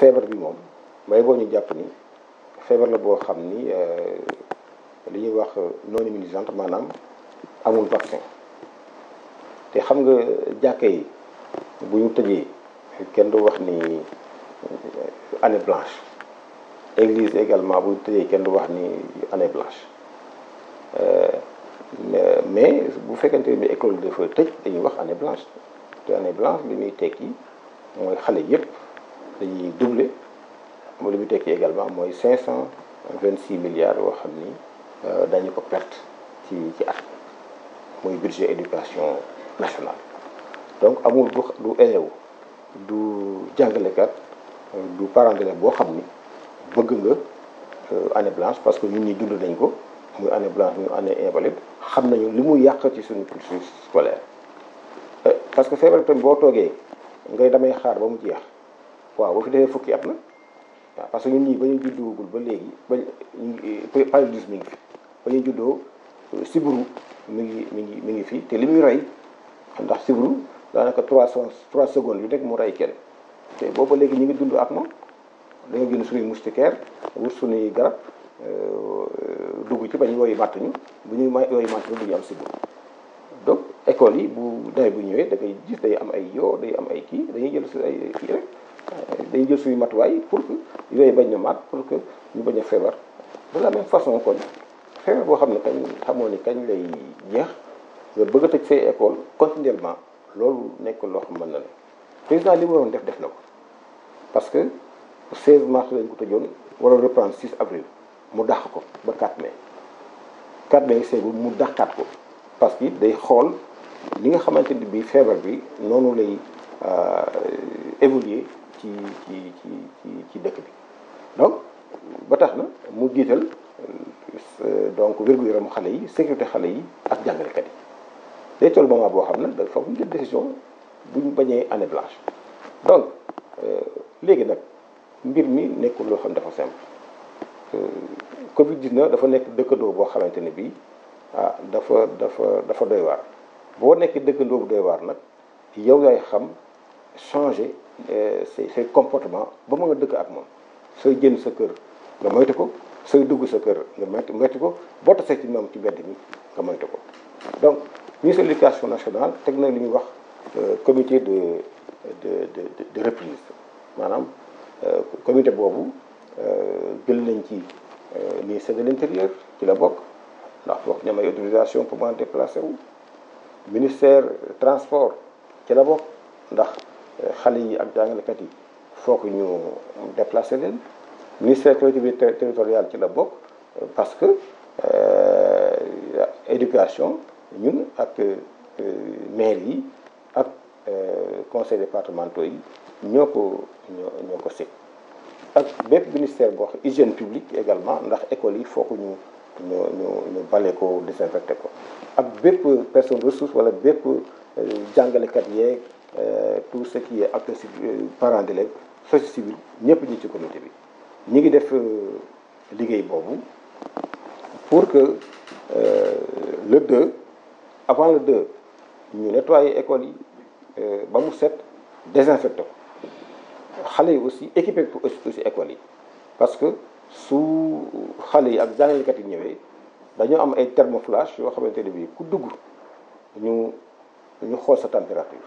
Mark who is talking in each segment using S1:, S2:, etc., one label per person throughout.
S1: feebar bi moom may boo ñu jàpp ni feebar la boo xam ni euh, li ñuy wax non immunisante maanaam amul vaccin te xam nga jàkka yi bu ñu tëjee kenn du wax ni euh, année blanche église également bu ñu tëjee kenn du wax ni année blanche euh, mais bu fekkente ni école de dafa tëj dañuy wax année blanche te année blanche li muy tekki mooy xale yépp dañuy doublé mu li tek également moy 526 milliards wo xamni euh dañu ko perte ci ci at moy budget éducation nationale donc amul du du élève du jàngalekat euh, du parent d'élève boo xam bëgg nga euh, année blanche parce que ñun ñi dund nañ ko muy année blanche muy année invalide xam nañu li muy yàq ci suñu culture scolaire euh, parce que c'est vrai tamit boo toogee ngay damay xaar ba mu jeex waaw boo fi defee fukki at la waaw parce que ñun ñii ba ñu juddoogul ba léegi ba euh, paludisme mi ngi fi ba ñu juddoo euh, siburu mi ngi mi ngi mi ngi fi te li muy rey ndax siburu daanaka trois cent trois secondes yu nekk mu rey kenn te booba léegi ñu ngi dund ak moom dañoo génn suñuy moustiquaire wut suñuy garab euh, dugg ci bañ yooyu màttuñu bu ñuy ma yooyu màttuñu bu ñu am siburu donc école yi bu nawet bu ñëwee da ngay gis day am ay yoo day am ay kii dañuy jël si ay kii rek dañ jël suñu matuwaay pour que yooyu bañ a maat pour que ñu bañ a feebar de la même façon kon feebar boo xam ne kañ xamoo ni kañ lay jeex nga bëgg a tëj say école continuellement loolu nekk loo xam mën na ne président li mu def def na ko parce que 16 mars lañ ko tëjoon waroon reprendre 6 avril mu dàq ko ba 4 mai 4 mai seegul mu dàqaat ko parce que day xool li nga xamante ni bii feebar bi noonu lay euh, évoluer ci ci ci ci dëkk bi donc ba tax na mu jiital euh, donc wér yaramu xale yi sécurité xale yi ak jàngalekat yi day toll moment boo xam ne da faw ñu décision bu ñu bañee année blanche donc euh, léegi nag mbir mi nekkul loo xam dafa simple euh, covid 19 dafa nekk dëkkandoo boo xamante ne bii ah dafa dafa dafa doy waar boo nekkee dëkkandoo bu doy waar nag yow yaay xam changé ses euh, comportements, comportement ba donc de l'éducation nationale euh, comité de de de de reprise le comité de reprise, euh, ministère de l'intérieur est la il y autorisation pour moi déplacer Le ministère transport ci la xale yi ak jàngalekat yi foog ñu déplacé leen ministère collectivité territoriale ci la bokk parce que euh, éducation ñun ak euh, maire yi ak euh, conseil départementaux yi ñoo ko ñoo ko seet ak bépp ministère boo xam hygiène publique également ndax école yi foog ñu ñu ñu ñu bale ko désinfecté ko ak bépp personne ressource wala bépp jàngalekat yeeg tout euh, ce qui est acte euh, parents d'élèves société civile nous avons ci Nous faire. ñi ngi euh, pour que le 2 avant le 2 nous nettoyions l'école, nous ba mu Les désinfecté ko aussi équipé ko aussi parce que sous les yi ak jàngalekat yi ñëwee dañoo am ay thermoflash nous avons ne bii ku température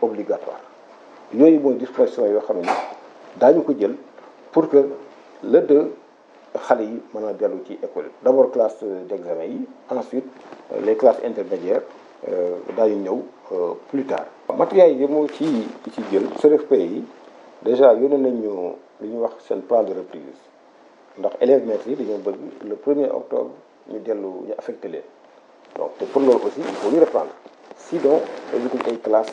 S1: obligatoire Nous mooy disposition yoo xam ne daañu ko jël pour que le deux xale yi mën a dellu ci école d' classe d' yi ensuite euh, les classes intermédiaires euh, daañu ñëw euh, plus tard. matériels yi moo ci ci jël CRFP yi déjà yónnee nañ ñu li ñuy wax seen plan de reprise ndax élèves maîtres yi dañoo bëgg le premier octobre ñu dellu ñu affecté leen donc pour loolu aussi il faut ñu reprendre sinon dañu ay classe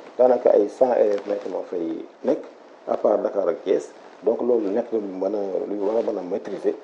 S1: danaka ay 100 élèves maintenant ma fay nek à part dakar ak kees donc loolu nekk mën a lu war a mën